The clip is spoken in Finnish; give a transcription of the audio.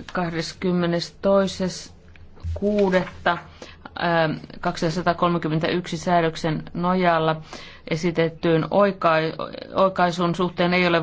22.6. 231 ähm, säädöksen nojalla esitettyyn oikaisun suhteen ei ole